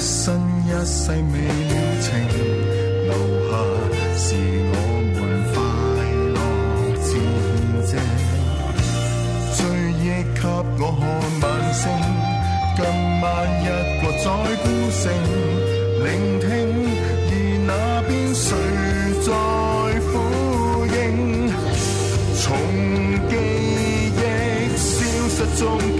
一生一世未了情，留下是我們快樂見證。追憶給我看晚星，今晚一個在孤城，聆聽而那邊誰在呼應？從記憶消失中。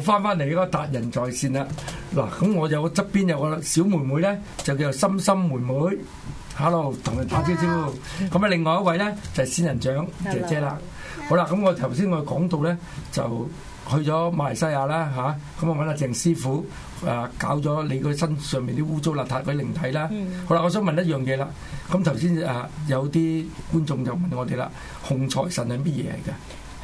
翻翻嚟呢個達仁在線啦，嗱咁我有個側邊有個小妹妹咧，就叫心心妹妹，哈嘍，同佢打招呼。咁啊，另外一位咧就係、是、仙人掌姐姐啦。Hello. 好啦，咁我頭先我講到咧，就去咗馬來西亞啦嚇，咁、啊、我揾阿、啊、鄭師傅啊，搞咗你個身上面啲污糟邋遢嗰啲靈體啦。嗯、好啦，我想問一樣嘢啦，咁頭先啊有啲觀眾就問我哋啦，紅財神係乜嘢嚟㗎？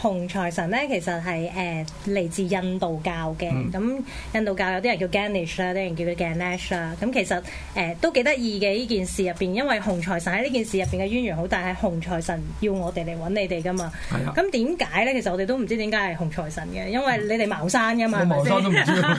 洪財神咧，其實係誒嚟自印度教嘅。咁、嗯、印度教有啲人叫 Ganish 啦，啲人叫佢 Ganash 啦。咁其實誒都幾得意嘅呢件事入邊，因為洪財神喺呢件事入邊嘅淵源好大，係洪財神要我哋嚟揾你哋噶嘛。咁點解咧？其實我哋都唔知點解係洪財神嘅，因為你哋茅山噶嘛。茅山都知啦。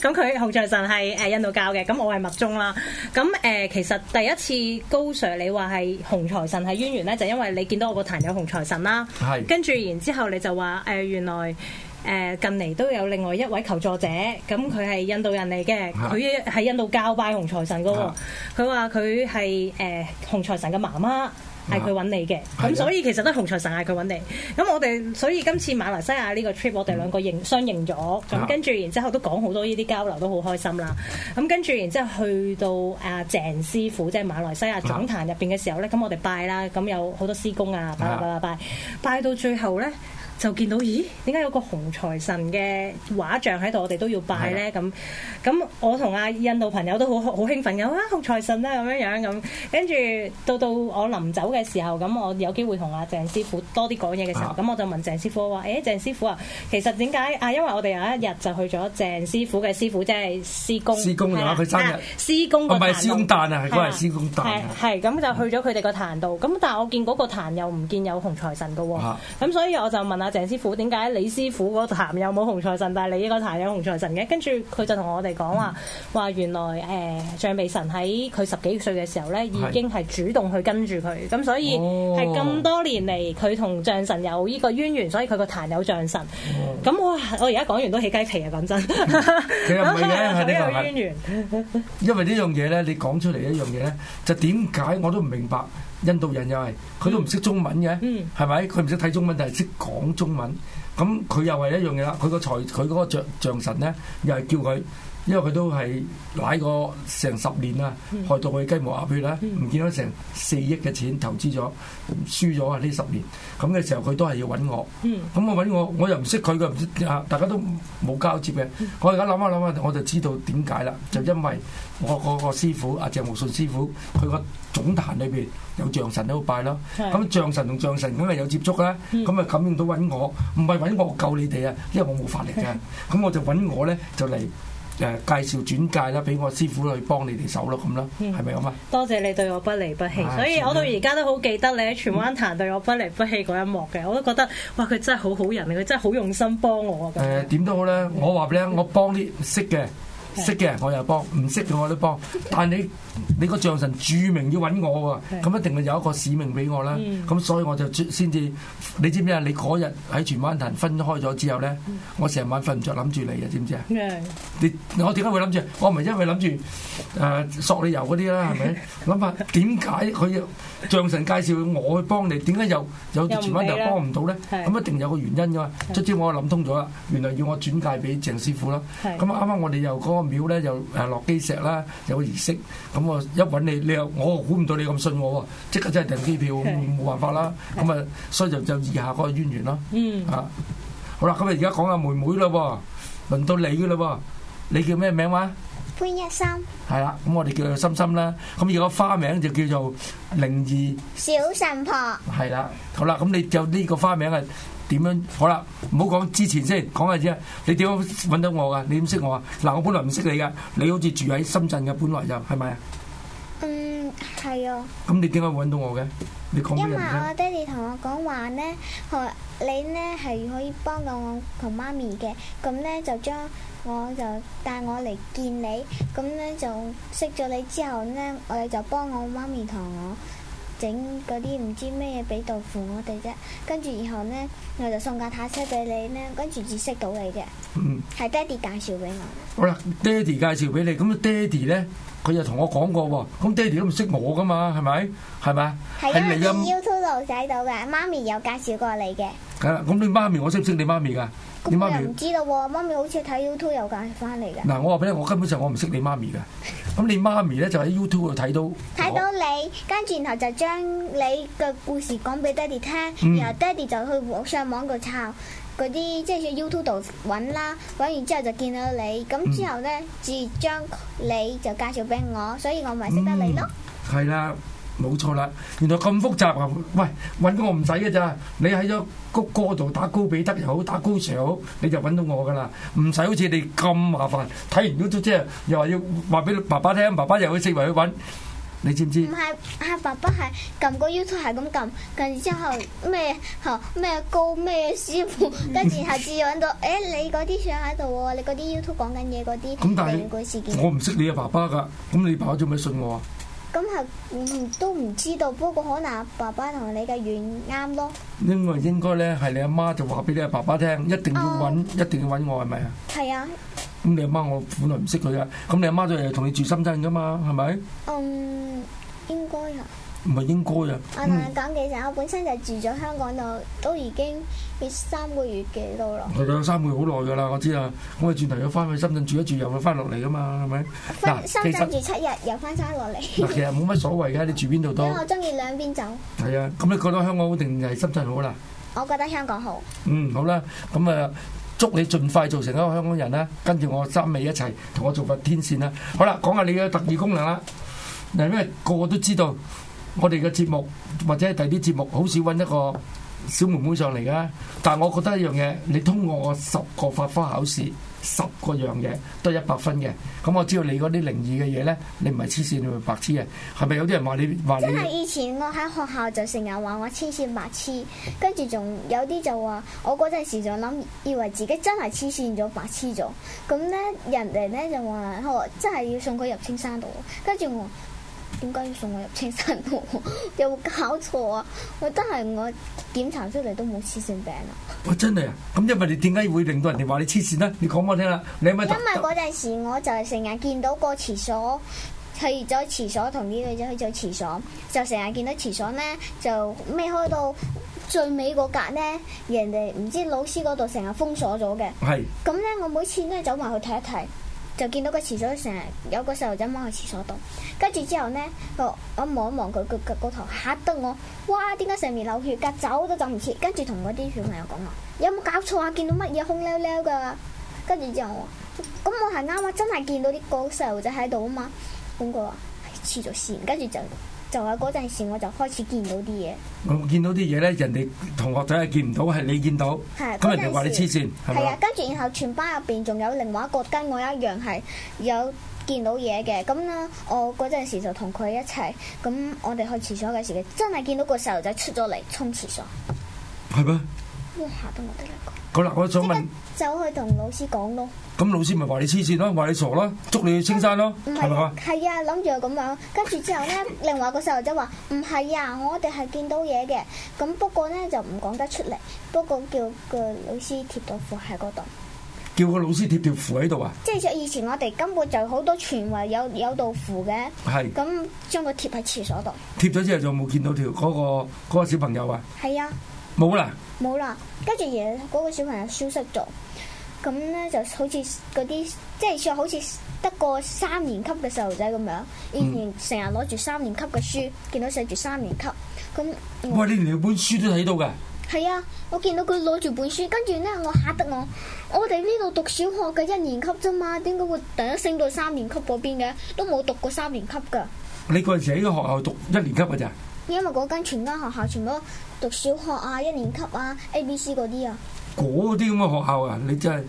咁佢洪財神係誒印度教嘅，咁我係密宗啦。咁誒，其實第一次高 Sir 你話係洪財神係淵源咧，就因為你見到我個壇有洪財神啦。的跟住然。之後你就話誒、呃、原來誒、呃、近嚟都有另外一位求助者，咁佢係印度人嚟嘅，佢係、嗯、印度教拜洪財神個，佢話佢係誒洪財神嘅媽媽。係佢揾你嘅，咁的所以其實都係洪財神嗌佢揾你，咁我哋所以今次馬來西亞呢個 trip，我哋兩個認相認咗，咁的跟住然之後都講好多呢啲交流都好開心啦，咁跟住然之後去到阿、啊、鄭師傅即係、就是、馬來西亞總壇入邊嘅時候咧，咁的我哋拜啦，咁有好多師公啊拜拜拜拜，拜到最後咧。就見到，咦？點解有個紅財神嘅畫像喺度？我哋都要拜咧咁咁。我同阿印度朋友都好好興奮，有啊紅財神啦咁樣樣咁。跟住到到我臨走嘅時候，咁我有機會同阿鄭師傅多啲講嘢嘅時候，咁我就問鄭師傅話，誒，鄭師傅啊，其實點解啊？因為我哋有一日就去咗鄭師傅嘅師傅，即係師公師公嘅話，佢生日師公。唔係師公彈啊，係嗰個師公彈。係咁就去咗佢哋個壇度。咁但係我見嗰個壇又唔見有紅財神嘅喎。咁所以我就問啊。鄭師傅，點解李師傅個壇有冇紅財神，但係你呢個壇有紅財神嘅？跟住佢就同我哋講話，話、嗯、原來誒，象、呃、鼻神喺佢十幾歲嘅時候咧，已經係主動去跟住佢，咁是所以係咁多年嚟，佢同象神有呢個淵源，所以佢個壇有象神。咁、哦、我我而家講完都起雞皮啊！講真，佢係呢個淵源，因為呢樣嘢咧，你講出嚟一樣嘢咧，就點解我都唔明白。印度人又係，佢都唔識中文嘅，係咪、嗯？佢唔識睇中文，但係識講中文。咁、嗯、佢、嗯、又係一樣嘢啦。佢個財，佢嗰個象，象神咧，又係叫佢。因為佢都係捱過成十年啦，害到佢雞毛鴨血啦，唔見咗成四億嘅錢投資咗，輸咗啊！呢十年咁嘅時候，佢都係要揾我，咁我揾我，我又唔識佢嘅，大家都冇交接嘅。我而家諗下諗下，我就知道點解啦，就因為我嗰個師傅阿鄭無信師傅，佢個總壇裏邊有象神喺度拜咯，咁象神同象神咁係有接觸啦，咁咪感應到揾我，唔係揾我救你哋啊，因為我冇法力嘅，咁我就揾我咧就嚟。誒、呃、介紹轉介啦，俾我師傅去幫你哋手咯，咁咯，係咪咁啊？是是多謝你對我不離不棄，啊、所以我到而家都好記得你喺荃灣壇對我不離不棄嗰一幕嘅，嗯、我都覺得哇，佢真係好好人，佢真係好用心幫我。誒，點都好咧，我話俾你聽，我幫啲識嘅。識嘅我又幫，唔識嘅我都幫。但係你你個象神註明要揾我喎，咁是一定係有一個使命俾我啦。咁、嗯、所以我就先至，你知唔知啊？你嗰日喺荃灣壇分開咗之後咧，我成晚瞓唔着，諗住是你啊知唔知啊？你我點解會諗住？我唔係因為諗住誒索你遊嗰啲啦，係咪？諗下點解佢象神介紹我去幫你，點解又又荃灣又幫唔到咧？咁一定有一個原因㗎嘛。卒之我諗通咗啦，是原來要我轉介俾鄭師傅啦。咁啱啱我哋又嗰廟咧又誒落基石啦，有儀式，咁我一揾你，你又我估唔到你咁信我喎，即刻真係訂機票，冇辦法啦，咁啊，所以就就以下嗰個淵源咯，啊，好啦，咁啊而家講下妹妹啦喎，輪到你嘅啦喎，你叫咩名哇？潘一心。係啦，咁我哋叫佢心心啦，咁如果花名就叫做靈異小神婆。係啦，好啦，咁你就呢個花名係。點樣好啦？唔好講之前先，講下啫。你點樣揾到我噶？你點識我啊？嗱，我本來唔識你噶。你好似住喺深圳嘅，本來就係咪、嗯、啊？嗯，係啊。咁你點解揾到我嘅？你講下。因為我爹哋同我講話咧，你咧係可以幫到我同媽咪嘅。咁咧就將我就帶我嚟見你。咁咧就識咗你之後咧，我哋就幫我媽咪同我。整嗰啲唔知咩嘢俾豆腐我哋啫，跟住然後咧，我就送架塔車俾你咧，跟住至識到你嘅，係爹哋介紹俾我。好啦，爹哋介紹俾你，咁爹哋咧，佢又同我講過喎，咁爹哋都唔識我噶嘛，係咪？係咪啊？係啊，喺 YouTube 度睇到嘅，媽咪有介紹過你嘅。係啦、嗯，咁你媽咪，我識唔識你媽咪㗎？咁我又唔知道喎，媽咪，媽咪好似睇 YouTube 又介紹翻嚟嘅。嗱，我話俾你，我根本上我唔識你媽咪嘅。咁 你媽咪咧就喺 YouTube 度睇到，睇到你，跟住然後就將你嘅故事講俾爹哋聽，嗯、然後爹哋就去上網度抄嗰啲，即係喺 YouTube 度揾啦，揾完之後就見到你，咁之後咧至將你就介紹俾我，所以我咪識得你咯。係、嗯、啦。冇錯啦，原來咁複雜啊！喂，揾我唔使嘅咋，你喺咗谷歌度打高比德又好，打高 Sir 又好，你就揾到我噶啦，唔使好似你咁麻煩。睇完 YouTube 之後又話要話俾爸爸聽，爸爸又去四圍去揾，你知唔知？唔係，係爸爸係撳個 YouTube 係咁撳，撳完之後咩咩高咩師傅，跟住然後至揾到，誒你嗰啲上喺度喎，你嗰啲 YouTube 講緊嘢嗰啲。咁但係事件我唔識你嘅爸爸噶，咁你爸爸做咩信我啊？咁係，唔、嗯、都唔知道，不過可能爸爸同你嘅緣啱咯。因為應該應該咧，係你阿媽就話俾你阿爸爸聽，一定要搵，嗯、一定要搵我，係咪啊？係啊。咁你阿媽我本來唔識佢啊。咁你阿媽就係同你住深圳噶嘛，係咪？嗯，應該啊。唔係應該啊！嗯、我同你講，其實我本身就住咗香港度，都已經係三個月幾多啦。係啊，三個月好耐㗎啦，我知啊。我係轉頭要翻去深圳住一住，又會翻落嚟㗎嘛，係咪？嗱分，啊、深圳住七日，實七日又翻返落嚟。其實冇乜所謂嘅，你住邊度都。因為我中意兩邊走。係啊，咁你覺得香港好定係深圳好啦？我覺得香港好。嗯，好啦，咁啊，祝你盡快做成一個香港人啦，跟住我三尾一齊同我做份天線啦。好啦，講下你嘅特異功能啦。嗱，因為個個都知道。我哋嘅節目或者係第啲節目好少揾一個小妹妹上嚟嘅，但係我覺得一樣嘢，你通過我十個法科考試，十個樣嘢都係一百分嘅，咁、嗯、我知道你嗰啲靈異嘅嘢咧，你唔係黐線，你係白黐嘅，係咪有啲人話你話你？即係以前我喺學校就成日話我黐線白黐，跟住仲有啲就話我嗰陣時就諗以為自己真係黐線咗白黐咗，咁咧人哋咧就話我，真係要送佢入青山度，跟住我。點解要送我入精神病？有 冇搞錯啊？我真係我檢查出嚟，都冇痴線病、哦、啊！我真係啊！咁因為你點解會令到人哋話你痴線咧？你講我聽啦、啊，你係咪？因為嗰陣時我就係成日見到個廁所，去咗廁所同啲女仔去咗廁所，就成日見到廁所咧就孭開到最尾嗰格咧，人哋唔知老師嗰度成日封鎖咗嘅。係是。咁咧，我每次都係走埋去睇一睇。就見到個廁所成日有個細路仔踎喺廁所度，跟住之後咧，我望一望佢個腳嗰頭嚇得我，哇！點解上面流血？腳走都走唔切，跟住同嗰啲小朋友講話：有冇搞錯啊？見到乜嘢空溜溜噶？跟住、啊、之後，咁我係啱啊！剛剛真係見到啲個細路仔喺度啊嘛，咁佢話係黐咗線，跟、哎、住就。就係嗰陣時，我就開始見到啲嘢。我見到啲嘢咧，人哋同學仔係見唔到，係你見到。係。咁人哋話你黐線，係啊，跟住、啊、然後全班入邊仲有另外一個跟我一樣係有見到嘢嘅。咁咧，我嗰陣時就同佢一齊。咁我哋去廁所嘅時，真係見到個細路仔出咗嚟沖廁所。係咩吧？嚇到我哋兩個。咁啦，我想問，走去同老師講咯。咁老師咪話你黐線咯，話你傻咯，捉你去青山咯，係咪是吧啊？係啊，諗住係咁樣，跟住之後咧，另外個細路仔話唔係啊，我哋係見到嘢嘅，咁不過咧就唔講得出嚟，不過叫個老師貼到符喺嗰度。叫個老師貼條符喺度啊？即係以前我哋根本就好多傳話有有道符嘅。係是。咁將佢貼喺廁所度。貼咗之後就冇見到條、那、嗰個、那個那個小朋友啊？係啊。冇啦，冇啦，跟住嘢嗰個小朋友消失咗，咁咧就好似嗰啲即係好似得個三年級嘅細路仔咁樣，以前成日攞住三年級嘅書，見到寫住三年級，咁喂，你連本書都睇到㗎？係啊，我見到佢攞住本書，跟住咧我吓得我，我哋呢度讀小學嘅一年級啫嘛，點解會突然升到三年級嗰邊嘅？都冇讀過三年級噶。你嗰陣時喺個學校讀一年級㗎咋？因為嗰間全間學校全部。讀小學啊，一年級啊，A B C 嗰啲啊，嗰啲咁嘅學校啊，你真係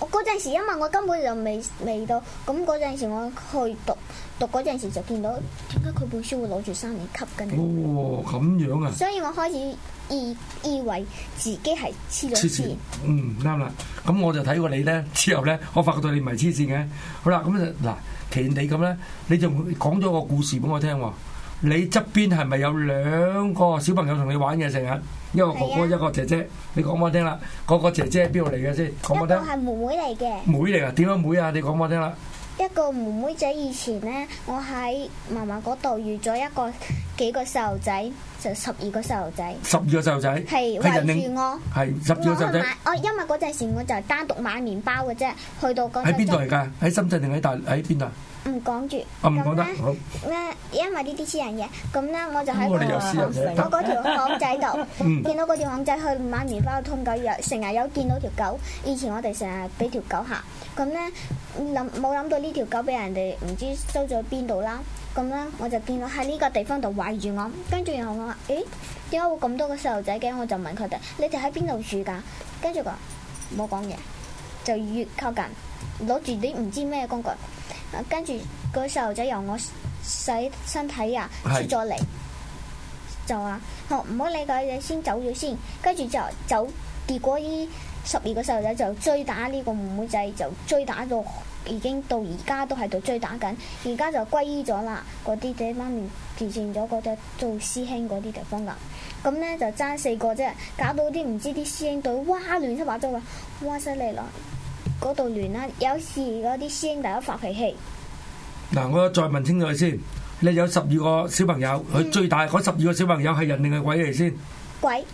我嗰陣時，因為我根本就未未到，咁嗰陣時我去讀讀嗰陣時就見到，點解佢本書會攞住三年級嘅啊？哦，咁樣啊！所以我開始以以為自己係黐線，嗯，啱啦。咁我就睇過你咧，之後咧，我發覺到你唔係黐線嘅。好啦，咁就嗱，其你咁咧，你就講咗個故事俾我聽喎。你側邊係咪有兩個小朋友同你玩嘢成日？一個哥哥，是啊、一個姐姐。你講我聽啦。個、嗰個姐姐係邊度嚟嘅先？講我聽。一個係妹妹嚟嘅。妹嚟噶？點樣妹啊？你講我聽啦。一個妹妹仔以前咧，我喺嫲嫲嗰度遇咗一個幾個細路仔，就十二個細路仔。十二個細路仔。係圍住我。係十二個細路仔。我去買，因為嗰陣時我就單獨買麵包嘅啫，去到嗰陣時。喺邊度嚟㗎？喺深圳定喺大？喺邊度？唔講住咁咧，咧因為呢啲私人嘢，咁咧、嗯、我就喺個我嗰條巷仔度 見到嗰條巷仔去買麵包通狗藥，成日有見到條狗。以前我哋成日俾條狗吓。咁咧諗冇諗到呢條狗俾人哋唔知收咗邊度啦。咁、嗯、咧我就見到喺呢個地方度圍住我，跟住然後我話：，誒點解會咁多個細路仔嘅？我就問佢哋：，你哋喺邊度住㗎？跟住佢冇講嘢，就越靠近攞住啲唔知咩工具。跟住嗰細路仔由我洗身體啊出咗嚟是，就話：好，唔好理佢，你先走咗先。跟住就走，結果呢十二個細路仔就追打呢個妹妹仔，就追打到已經到而家都喺度追打緊，而家就歸依咗啦。嗰啲仔媽咪住住咗嗰隻做師兄嗰啲地方噶，咁呢就爭四個啫，搞到啲唔知啲師兄隊哇亂七八糟，話哇犀利咯。嗰度亂啦，有時嗰啲師兄大哥發脾氣。嗱，我再問清楚佢先，你有十二個小朋友，佢最大嗰十二個小朋友係人定係鬼嚟先？鬼。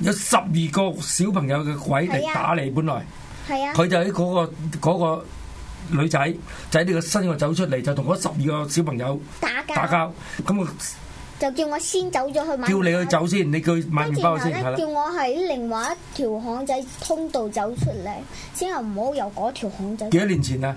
有十二個小朋友嘅鬼嚟打你本來？係啊。佢就喺嗰個嗰個女仔就喺呢個身度走出嚟，就同嗰十二個小朋友打交打交，咁啊。就叫我先走咗去叫你去走先，你去跟住，包先。是叫我喺另外一條巷仔通道走出嚟，先後唔好由嗰條巷仔。幾多年前啊？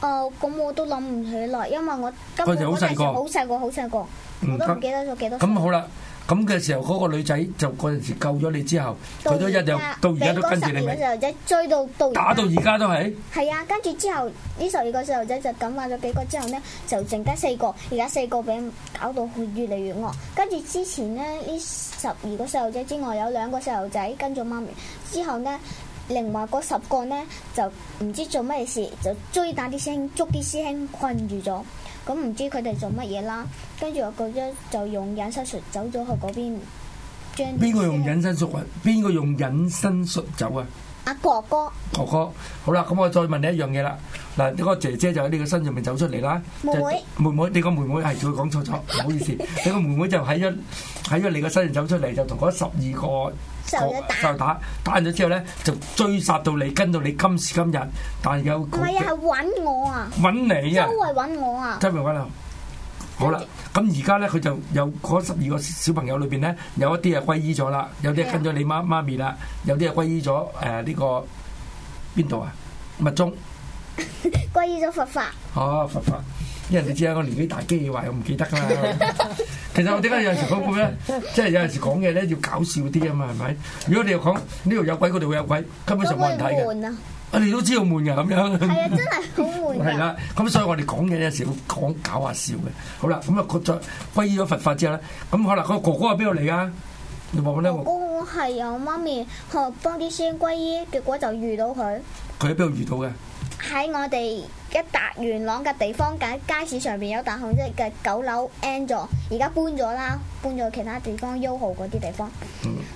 哦，咁我都諗唔起啦，因為我根本好細個，好細個，好細個，我都唔記得咗幾多。咁好啦。咁嘅時候，嗰個女仔就嗰陣時救咗你之後，佢都一樣到而家都跟住你。細路仔追到到打到而家都係。係啊，跟住之後，呢十二個細路仔就感染咗幾個之後呢，就剩得四個。而家四個俾搞到越嚟越惡。跟住之前呢，呢十二個細路仔之外，有兩個細路仔跟咗媽咪。之後呢，另外嗰十個呢，就唔知做咩事，就追打啲師兄，捉啲師，師兄困住咗。咁唔知佢哋做乜嘢啦？跟住我覺得就用隱身術走咗去嗰邊，將邊個用隱身術啊？邊個用隱身術走啊？阿哥哥，哥哥，好啦，咁我再問你一樣嘢啦。嗱，你個姐姐就喺你個身上面走出嚟啦，妹妹，妹妹，你個妹妹係仲講錯咗，唔好意思，你個妹妹就喺咗喺咗你個身上走出嚟，就同嗰十二個。就打，打，打，打完咗之後咧，就追殺到你，跟到你今時今日，但係有個，係啊，係搵我啊，搵你啊，周圍搵我啊，周圍搵啊，著好啦，咁而家咧，佢就有嗰十二個小朋友裏邊咧，有一啲係歸依咗啦，有啲係跟咗你媽媽、啊、咪啦，有啲係歸依咗誒呢個邊度啊，密宗，歸 依咗佛法，哦，oh, 佛法。因為你知啊，我年紀大機器壞，我唔記得啦。 其實我點解有時講句咧， 即係有陣時講嘢咧要搞笑啲啊嘛，係咪？如果你又講呢度有鬼，嗰度會有鬼，根本上冇人睇嘅。我哋都、啊啊、都知道悶㗎，咁樣係啊，真係好悶。係啦， 咁所以我哋講嘢有時會講搞下笑嘅。好啦，咁啊，佢就皈依咗佛法之後咧，咁可能個哥哥喺邊度嚟㗎？你話我咧，哥哥係啊，哥哥媽咪學幫啲孫皈依，結果就遇到佢。佢喺邊度遇到嘅？喺我哋一笪元朗嘅地方，間街市上邊有大行即係九樓 N 座，而家搬咗啦，搬咗去其他地方 YOHO 嗰啲地方。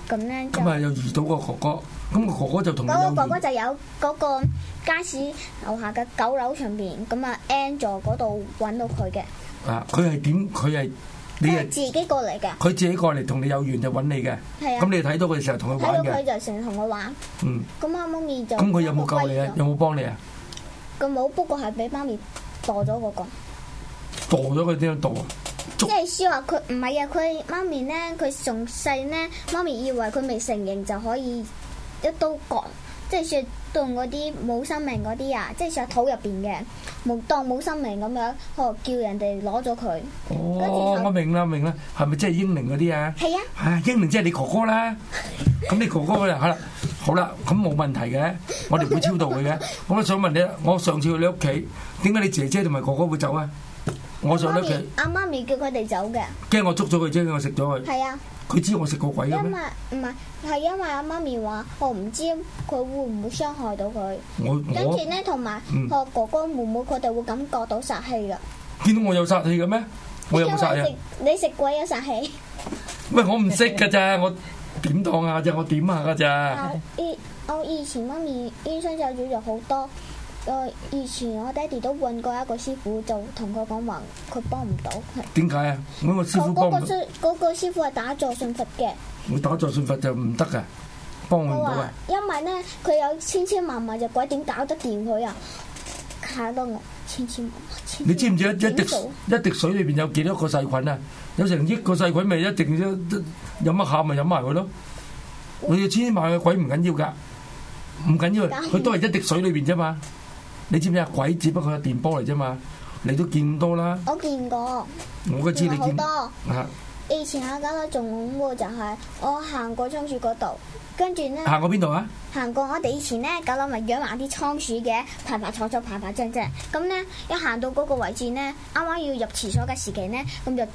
咁咧咁啊，又遇到個哥哥，咁個哥哥就同哥哥哥哥就有嗰個街市樓下嘅九樓上邊，咁啊 N 座嗰度揾到佢嘅。啊！佢係點？佢係你係自己過嚟嘅。佢自己過嚟同你有緣就揾你嘅。係啊。咁你睇到佢成日同佢玩嘅。睇到佢就成日同我玩。嗯。咁阿媽咪就咁佢有冇救你咧？有冇幫你啊？個帽不過係俾媽咪墮咗嗰、那個，墮咗佢點樣度啊？即係書話佢唔係啊，佢媽咪咧，佢仲細咧，媽咪以為佢未成形就可以一刀割，即係說。動嗰啲冇生命嗰啲、哦、啊，即係上肚入邊嘅，冇當冇生命咁樣，可叫人哋攞咗佢。哦，我明啦明啦，係咪即係英靈嗰啲啊？係啊。啊，英靈即係你哥哥啦，咁 你哥哥就係啦，好啦，咁冇問題嘅，我哋會超度佢嘅。 我都想問你，我上次去你屋企，點解你姐姐同埋哥哥會走啊？我上你屋企，阿媽咪，咪叫佢哋走嘅。驚我捉咗佢啫，驚我食咗佢。係 啊。佢知我食過鬼嘅咩？因為唔係，係因為阿媽咪話我唔知佢會唔會傷害到佢。我跟住咧，同埋我哥哥、嗯、妹妹佢哋會感覺到殺氣噶。見到我有殺氣嘅咩？我有殺氣。你食鬼有殺氣？ 喂，我唔識噶咋，我點當啊？咋我點啊？嗰咋 ？以我以前媽咪醫生就做咗好多。我以前我爹哋都揾過一個師傅，就同佢講話，佢幫唔到。點解啊？我搵個師傅幫。個個師傅係打坐信佛嘅。我打坐信佛就唔得噶，幫唔到。因為咧，佢有千千萬萬隻鬼，點搞得掂佢啊？吓得我千千,萬萬萬千,千萬萬。你知唔知一滴一滴水裏邊有幾多個細菌啊？有成億個細菌，咪一定都都飲一下咪飲埋佢咯。我你要千千萬萬,萬鬼唔緊要噶，唔緊要，佢都係一滴水裏邊啫嘛。你知唔知啊？鬼只不過係電波嚟啫嘛，你都見咁多啦。我見過，我都知你見多。以前我搞到仲恐怖就係，我行過倉鼠嗰度，跟住咧。行過邊度啊？行過我哋以前咧，搞佬咪養埋啲倉鼠嘅，排排坐坐，排排正正。咁咧，一行到嗰個位置咧，啱啱要入廁所嘅時期咧，咁就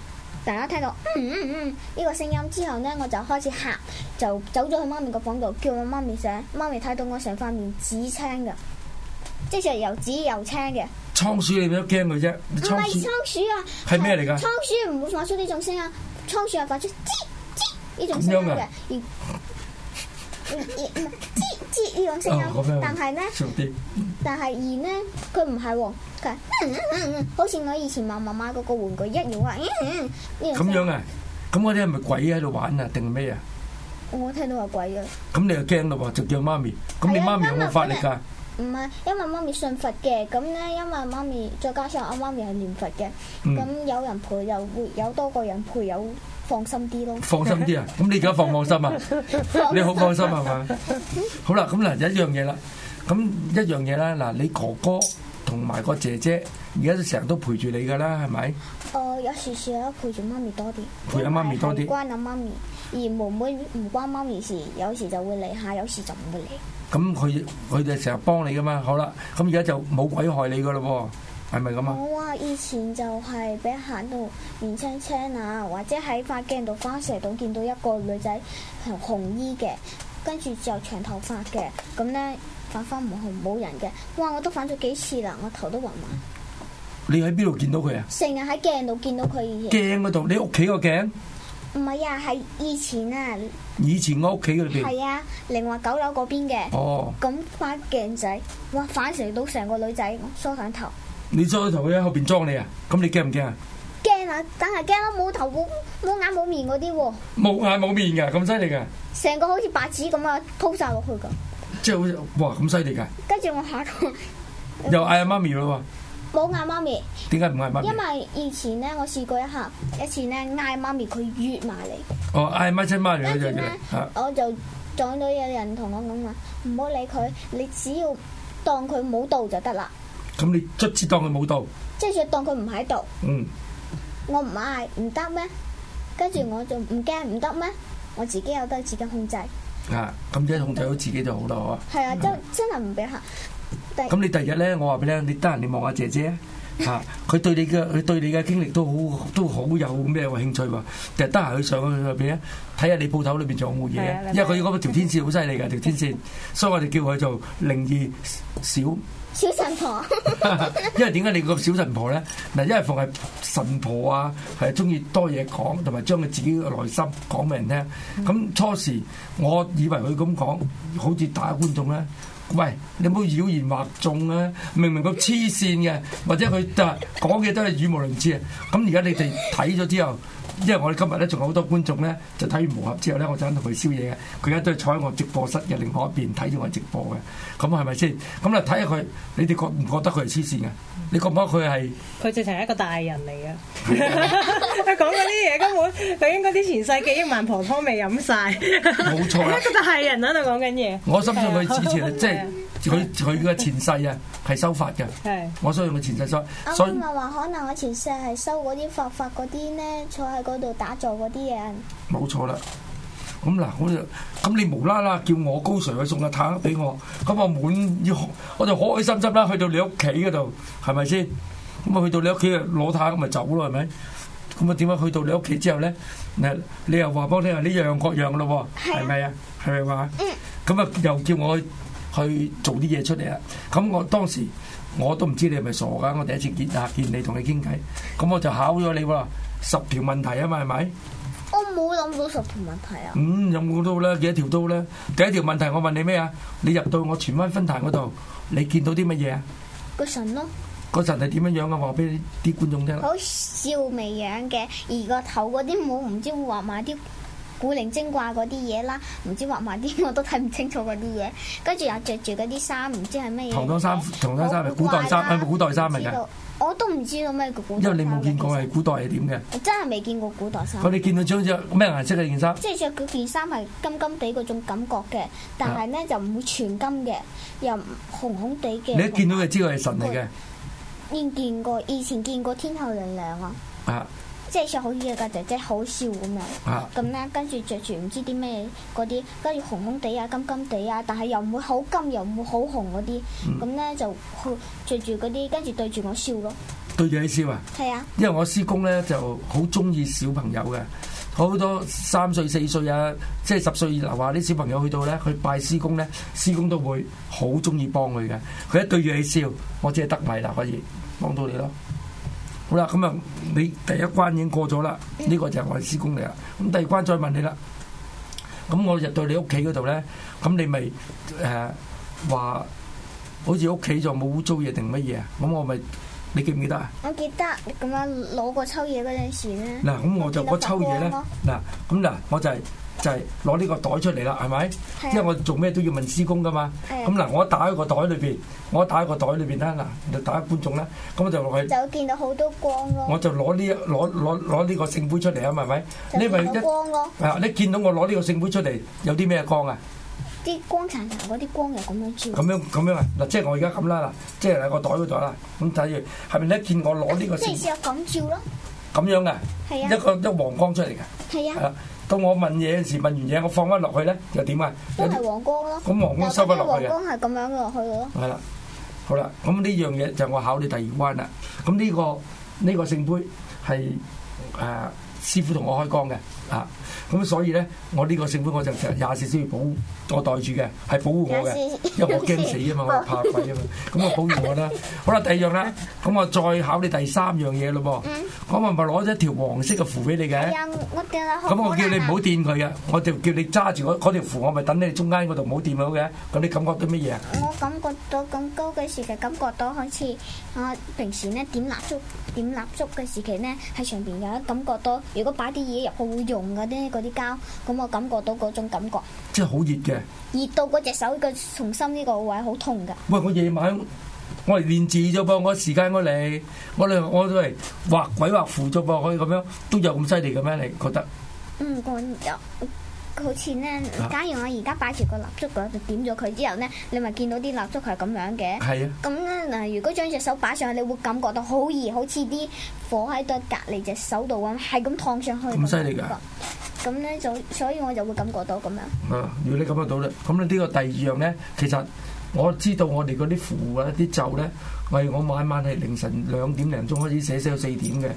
大家聽到嗯嗯嗯呢個聲音之後咧，我就開始吓，就走咗去媽咪個房度，叫我媽咪醒。媽咪睇到我成塊面紫青噶。即係又紫又青嘅倉鼠，你都驚佢啫。唔係倉鼠啊，係咩嚟噶？倉鼠唔會發出呢種聲音，倉鼠係發出吱吱呢種聲音嘅。吱吱呢種聲音，但係咧，但係而呢？佢唔係，佢好似我以前媽媽買嗰個玩具一樣啊，呢咁樣啊？咁嗰啲係咪鬼喺度玩啊？定咩啊？我聽到話鬼啊！咁你又驚咯？就叫媽咪。咁你媽咪有冇法力噶？唔係，因為媽咪信佛嘅，咁咧，因為媽咪再加上阿媽咪係念佛嘅，咁、嗯、有人陪又會有多個人陪，有放心啲咯。放心啲啊！咁 你而家放唔放心啊？你好 放心係嘛 ？好啦，咁嗱，一樣嘢啦，咁一樣嘢啦，嗱，你哥哥同埋個姐姐而家都成日都陪住你噶啦，係咪？誒、呃，有時時咧，陪住媽咪多啲，陪阿媽咪多啲，關阿媽咪。而妹妹唔關媽咪事，有時就會嚟下，有時就唔會嚟。咁佢佢就成日幫你噶嘛，好啦，咁而家就冇鬼害你噶咯喎，係咪咁啊？我話以前就係俾人嚇到面青青啊，或者喺塊鏡度翻蛇都見到一個女仔紅衣嘅，跟住又長頭髮嘅，咁咧反翻唔紅冇人嘅，哇！我都反咗幾次啦，我頭都暈暈、啊。你喺邊度見到佢啊？成日喺鏡度見到佢。鏡嗰度？你屋企個鏡？唔係啊，係以前啊。以前我屋企嗰邊。係啊，另外九樓嗰邊嘅。哦。咁塊鏡仔，哇，反射到成個女仔梳上頭。你梳上頭，佢喺後邊裝你啊？咁你驚唔驚啊？驚啊！梗係驚咯，冇頭冇眼冇面嗰啲喎。冇眼冇面噶？咁犀利噶？成個好似白紙咁啊，鋪晒落去噶。即係好似哇，咁犀利噶跟住我下個 又嗌阿媽咪咯。冇嗌媽咪，點解唔嗌媽咪？因為以前咧，我試過一下，有時咧嗌媽咪，佢越埋嚟。哦，嗌媽親媽嚟一樣嘢。啊，我就撞到有人同我咁話，唔好理佢，你只要當佢冇到就得啦。咁你卒之當佢冇到？即係當佢唔喺度。嗯。我唔嗌，唔得咩？跟住我就唔驚，唔得咩？我自己有得自己控制。啊，咁即係控制到自己就好咯，嗬。係啊，真真係唔俾客。咁你第二日咧，我話俾你聽，你得閒你望下姐姐，吓、啊、佢對你嘅，佢對你嘅經歷都好都好有咩興趣喎？第日得閒去上去，入邊啊，睇下你鋪頭裏邊仲有冇嘢？因為佢嗰個條天線好犀利噶條天線，所以我哋叫佢做靈異小神 小小神婆。因為點解你個小神婆咧？嗱，因為凡係神婆啊，係中意多嘢講，同埋將佢自己嘅內心講俾人聽。咁初時我以為佢咁講，好似打觀眾咧。喂，你唔好妖言惑眾啊！明明佢黐線嘅，或者佢就講嘅都係語無倫次啊！咁而家你哋睇咗之後。因為我哋今日咧仲有好多觀眾咧，就睇完無合之後咧，我就喺度同佢宵夜嘅，佢而家都坐喺我直播室嘅另外一邊睇住我直播嘅，咁係咪先？咁啊，睇下佢，你哋覺唔覺得佢係黐線嘅？你覺唔覺得佢係？佢直情係一個大人嚟嘅，佢講嗰啲嘢根本俾嗰啲前世幾億萬婆婆未飲曬。冇錯啦，佢一個大人喺度講緊嘢。我深信佢之前即係佢佢嘅前世啊，係修法嘅。係。我相信佢前世修。阿君咪話：可能我前世係修嗰啲佛法嗰啲咧，坐喺，嗰度打造嗰啲嘢，冇錯啦。咁嗱，我就咁你無啦啦叫我高 Sir 去送個塔俾我，咁我滿要我就好開心心啦。去到你屋企嗰度係咪先？咁啊，去到你屋企攞塔咁咪走咯，係咪？咁啊，點樣去到你屋企之後咧？嗱，你又話幫你啊呢樣各樣咯，係咪啊？係咪話？咁啊、嗯，又叫我去,去做啲嘢出嚟啊！咁我當時我都唔知你係咪傻噶，我第一次見啊見你同你傾偈，咁我就考咗你喎。十條問題啊嘛係咪？我冇諗到十條問題啊！是是題啊嗯，有冇多啦，幾多條都啦。第一條問題我問你咩啊？你入到我荃灣分壇嗰度，你見到啲乜嘢啊？個神咯。個神係點樣樣啊？話俾啲觀眾聽。好笑眉樣嘅，而個頭嗰啲冇，唔知畫埋啲古靈精怪嗰啲嘢啦，唔知畫埋啲我都睇唔清楚嗰啲嘢，跟住又着住嗰啲衫，唔知係咩嘢。唐裝衫，唐裝衫係古代衫，係古代衫嚟嘅。我都唔知道咩古古，因為你冇見過係古代係點嘅。我真係未見過古代衫。咁你見， 見到著只咩顏色嘅件衫，即係着嗰件衫係金金地嗰種感覺嘅，但係咧、啊、就唔會全金嘅，又紅紅地嘅，那個。你一見到就知道係神嚟嘅。以前見過，以前見過天后娘娘啊。啊即係着好嘢噶姐姐，好笑咁樣呢，咁咧跟住着住唔知啲咩嗰啲，跟住紅紅地啊、金金地啊，但係又唔會好金，又唔會好紅嗰啲，咁咧就着住嗰啲，跟住對住我笑咯。對住你笑啊？係啊。因為我師公咧就好中意小朋友嘅，好多三歲、四歲啊，即係十歲以下啲小朋友去到咧，佢拜師公咧，師公都會好中意幫佢嘅。佢一對住你笑，我即係得咪啦，可以幫到你咯。好啦，咁啊，你第一關已經過咗啦，呢、嗯、個就係我哋施工嚟啦。咁第二關再問你啦。咁我入到你屋企嗰度咧，咁你咪誒話，好似屋企就冇污糟嘢定乜嘢？咁我咪你記唔記得啊？我記得咁樣攞個抽嘢嗰陣時咧。嗱，咁我就攞抽嘢咧。嗱，咁嗱，我就係、是。就係攞呢個袋出嚟啦，係咪？即係我做咩都要問施工噶嘛。咁嗱，我打開個袋裏邊，我打開個袋裏邊啦嗱，就打開觀眾啦。咁我就落去就見到好多光咯。我就攞呢攞攞攞呢個聖杯出嚟啊，係咪？你咪即係你見到我攞呢個聖杯出嚟，有啲咩光啊？啲光殘殘，嗰啲光又咁樣照。咁樣咁樣啊！嗱，即係我而家咁啦嗱，即係個袋嗰度啦。咁睇住係咪？你一見我攞呢個聖杯，即係有咁照咯。咁樣啊！一個一黃光出嚟㗎。係啊。到我問嘢時，問完嘢，我放翻落去咧，又點啊？都係黃光咯。咁黃光收翻落去嘅。又黃光係咁樣落去嘅咯。係啦，好啦，咁呢樣嘢就我考你第二關啦。咁呢、個呢、個聖杯係誒、啊、師傅同我開光嘅啊。咁所以咧，我呢個聖杯我就成廿四小時要保，我袋住嘅係保護我嘅， 因為我驚死啊嘛，我怕鬼 啊嘛，咁我保護我啦。好啦，第二樣啦，咁我再考你第三樣嘢咯噃。咁、嗯、我咪攞咗一條黃色嘅符俾你嘅。咁、哎、我，我叫你唔好掂佢嘅，啊、我就叫你揸住我嗰條符，我咪等你中間嗰度唔好掂到嘅。咁你感覺到乜嘢？我感覺到咁高嘅時期，感覺到好似我、呃、平時咧點蠟燭、燭點蠟燭嘅時期咧，喺上邊有感覺到，如果擺啲嘢入去會溶嘅咧。嗰啲膠，咁我感覺到嗰種感覺，即係好熱嘅，熱到嗰隻手嘅重心呢個位好痛噶。喂，我夜晚我嚟練字咋噃，我時間我嚟，我嚟我都係畫鬼畫符咋噃，可以咁樣都有咁犀利嘅咩？你覺得？嗯，我，好似呢，假如我而家擺住個蠟燭嘅，就點咗佢之後呢，你咪見到啲蠟燭係咁樣嘅，係啊，咁咧嗱，如果將隻手擺上去，你會感覺到好熱，好似啲火喺對隔籬隻手度咁，係咁燙上去，咁犀利噶。咁咧就，所以我就會感覺到咁樣。啊，如果你感覺到咧，咁咧呢個第二樣咧，其實我知道我哋嗰啲符啊、啲咒咧，例如我晚晚係凌晨兩點零鐘開始寫，寫到四點嘅。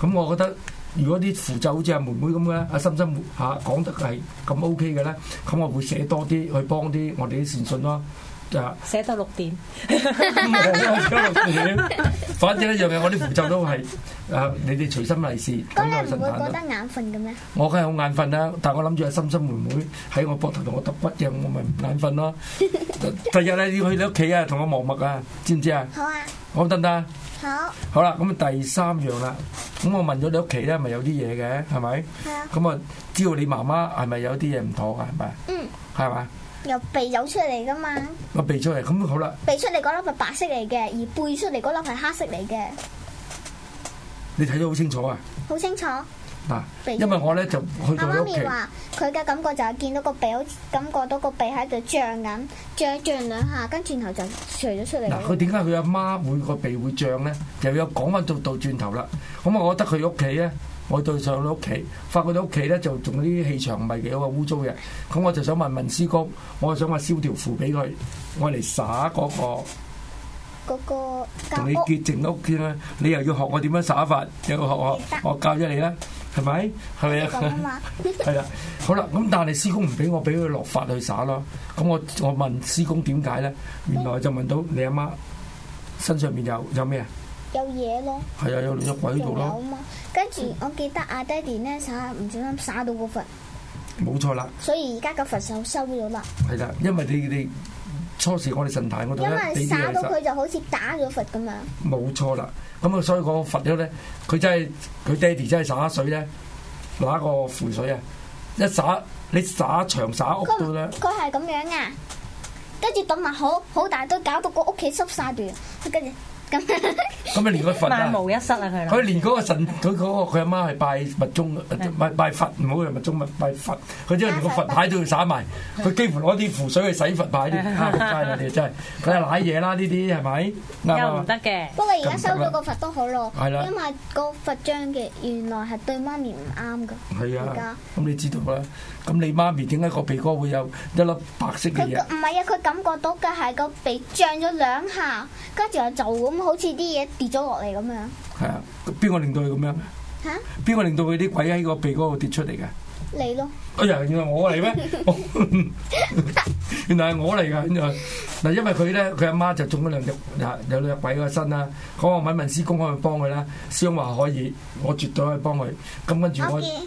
咁我覺得，如果啲符咒好似阿妹妹咁嘅，阿心心下講得係咁 OK 嘅咧，咁我會寫多啲去幫啲我哋啲善信咯。寫到六點，反正一樣嘢，我啲符咒都係，啊，你哋隨心利是咁又唔得。我覺得眼瞓嘅咩?我梗係好眼瞓啦，但係我諗住係心心妹妹喺我膊頭同我揼骨嘅，我咪唔眼瞓咯。第日咧要去你屋企啊，同我磨墨啊，知唔知啊？好啊。我得唔得啊？好。好啦，咁啊第三樣啦，咁我問咗你屋企咧，咪有啲嘢嘅係咪？係啊。咁啊，知道你媽媽係咪有啲嘢唔妥噶？係咪？嗯。係嘛？由鼻走出嚟噶嘛？個鼻出嚟咁好啦。鼻出嚟嗰粒係白色嚟嘅，而背出嚟嗰粒係黑色嚟嘅。你睇到好清楚啊？好清楚。嗱，鼻因為我咧就去佢屋企。媽媽咪話佢嘅感覺就係見到個鼻，好似感覺到個鼻喺度脹緊，脹脹兩下，跟住然後就除咗出嚟。佢點解佢阿媽會個鼻會脹咧？又要講翻到到轉頭啦。咁啊，我覺得佢屋企咧。我對上到屋企，發覺到屋企咧就仲有啲氣場唔係幾好啊，污糟嘅，咁我就想問問師公，我係想話燒條符俾佢，我嚟耍嗰個，同你潔淨屋企啦，你又要學我點樣耍法，又要學我？我教咗你啦，係咪？係咪啊？係啦，好啦，咁但係師公唔俾我俾佢落法去耍咯，咁我我問師公點解咧？原來就問到你阿媽，媽身上面有有咩？有嘢咯，係啊，有有鬼喺度咯。仲有啊嘛，跟住我記得阿爹哋咧耍，唔小心灑到個佛，冇錯啦。所以而家個佛就收咗啦。係啦，因為你你初時我哋神壇度，因為灑到佢就好似打咗佛咁樣。冇錯啦，咁啊所以個佛咧，佢真係佢爹哋真係灑水咧，攞個符水啊，一灑你灑長灑屋到咧，佢係咁樣啊，跟住抌埋好好大堆，搞到個屋企濕曬啲啊，跟住。咁咁咪連個佛啊，萬無一失啊佢。佢連嗰個神，佢個佢阿媽係拜密宗，唔係是拜佛，唔好係密宗，拜拜佛。佢連個佛牌都要灑埋，佢是幾乎攞啲符水去洗佛牌啲是、啊。真係你真係，佢係瀨嘢啦呢啲係咪？又唔得嘅。不，不過而家收咗個佛都好咯，的因為個佛章嘅原來係對媽咪唔啱噶。係啊的，咁在你知道啦。咁你媽咪點解個鼻哥會有一粒白色嘅嘢？唔係啊！佢感覺到嘅係個鼻漲咗兩下，跟住就咁好似啲嘢跌咗落嚟咁樣。係啊，邊個令到佢咁樣？嚇、啊？邊個令到佢啲鬼喺個鼻哥度跌出嚟嘅？你咯。哎呀，原來我嚟咩？ 原來係我嚟㗎。原來嗱，因為佢咧，佢阿媽，媽就中咗兩隻，有有兩隻鬼個身啦。講我揾問，問師公去幫佢啦。師公話可，可以，我絕對可以幫佢。咁跟住我。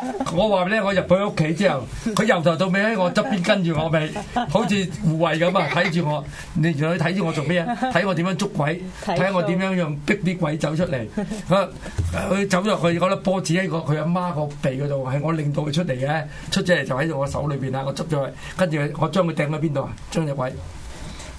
我話咧，我入佢屋企之後，佢由頭到尾喺我側邊跟住我，咪好似護衛咁啊，睇住我。你原來睇住我做咩啊？睇我點樣捉鬼，睇我點樣用逼啲鬼走出嚟。佢走咗去嗰粒波子喺個佢阿媽個鼻嗰度，係我令到佢出嚟嘅。出咗嚟就喺我手裏邊啦，我捉咗佢。跟住我將佢掟喺邊度啊？將隻鬼。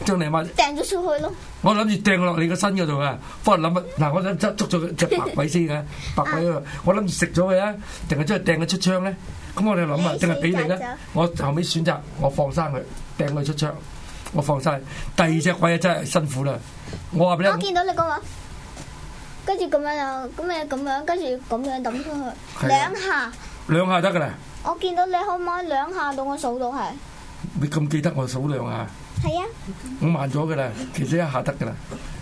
掟咗出去咯！我諗住掟落你個身嗰度啊！不過諗啊，嗱，我想執捉咗隻白鬼先嘅白鬼啊！我諗住食咗佢啊，定係真係掟佢出窗咧？咁我哋諗下，定係俾你咧？我後尾選擇我放生佢，掟佢出窗，我放生佢。第二隻鬼真係辛苦啦，我話俾你。我見到你講話，跟住咁樣，咁咩咁樣，跟住咁樣抌出去兩下，兩下得噶啦！我見到你可唔可以兩下到我數到係？你咁記得我數量啊？係啊，我慢咗㗎喇，其實一下得㗎喇，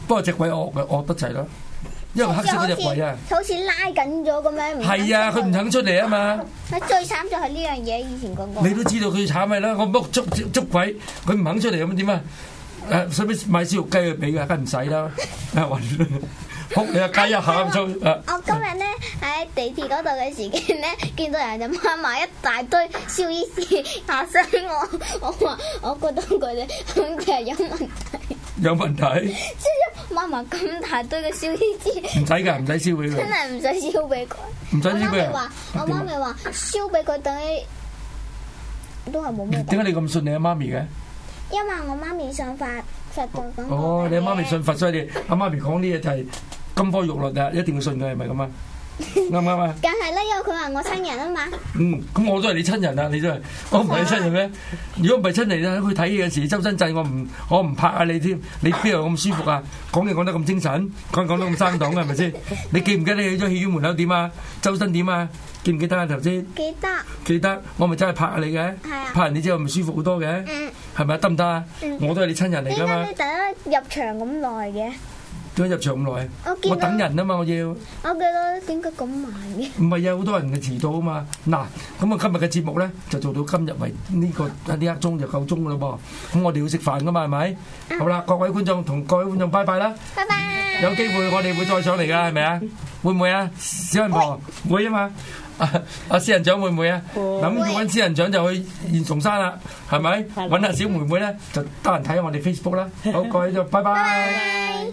不過隻鬼惡咪惡得滯咯，因為黑色隻鬼啊，好似拉緊咗咁樣。係啊，佢唔肯出嚟啊嘛。佢最慘就係呢樣嘢，以前講過。你都知道佢慘咪啦，我捉捉捉鬼，佢唔肯出嚟咁點啊？使唔使買燒肉雞去俾佢？梗唔使啦， 好你加一下。哎哎哎、我今日咧喺地鐵嗰度嘅時間咧，見到人就抹埋一大堆燒衣紙，嚇死我！我話我覺得佢哋好似係有問題。有問題。即係抹埋咁大堆嘅燒衣紙。唔使噶，唔使燒俾佢。真係唔使燒俾佢。唔使燒俾佢？話，我媽咪話燒俾佢，等於都係冇咩。點解你咁信你阿媽咪嘅？因為我媽咪信佛，佛就講。哦，你阿媽咪信佛所以，阿媽咪講呢嘢就係、是。金科玉律啊，一定要信噶，係咪咁啊？啱唔啱啊？梗係咧，因為佢話我親人啊嘛。嗯，咁我都係你親人啊，你都係。我唔係你親人咩？如果唔係親人咧，去睇嘢時，周身滯，我唔，我唔拍下你添。你邊度咁舒服啊？講嘢講得咁精神，講嘢講到咁生檔嘅係咪先？你記唔記得你去咗戲院門口點啊？周身點啊？記唔記得啊？頭先記得記得，我咪真係拍下你嘅。拍完你之後唔舒服好多嘅。嗯。係咪得唔得啊？我都係你親人嚟噶嘛。點解你等得入場咁耐嘅？點解入場唔耐，我等人啊嘛，我要。我見到點解咁慢嘅？唔係啊，好多人嘅遲到啊嘛。嗱，咁啊，今日嘅節目咧就做到今日為呢個一點一刻鐘就夠鐘啦噃。咁我哋要食飯噶嘛，係咪？好啦，各位觀眾同各位觀眾拜拜啦。拜拜。有機會我哋會再上嚟噶，係咪啊？會唔會啊？小人婆會啊嘛。阿仙人掌會唔會啊？會。咁要搵仙人掌就去現崇山啦，係咪？係。搵下小妹妹咧，就多人睇我哋 Facebook 啦。好，各位就拜拜。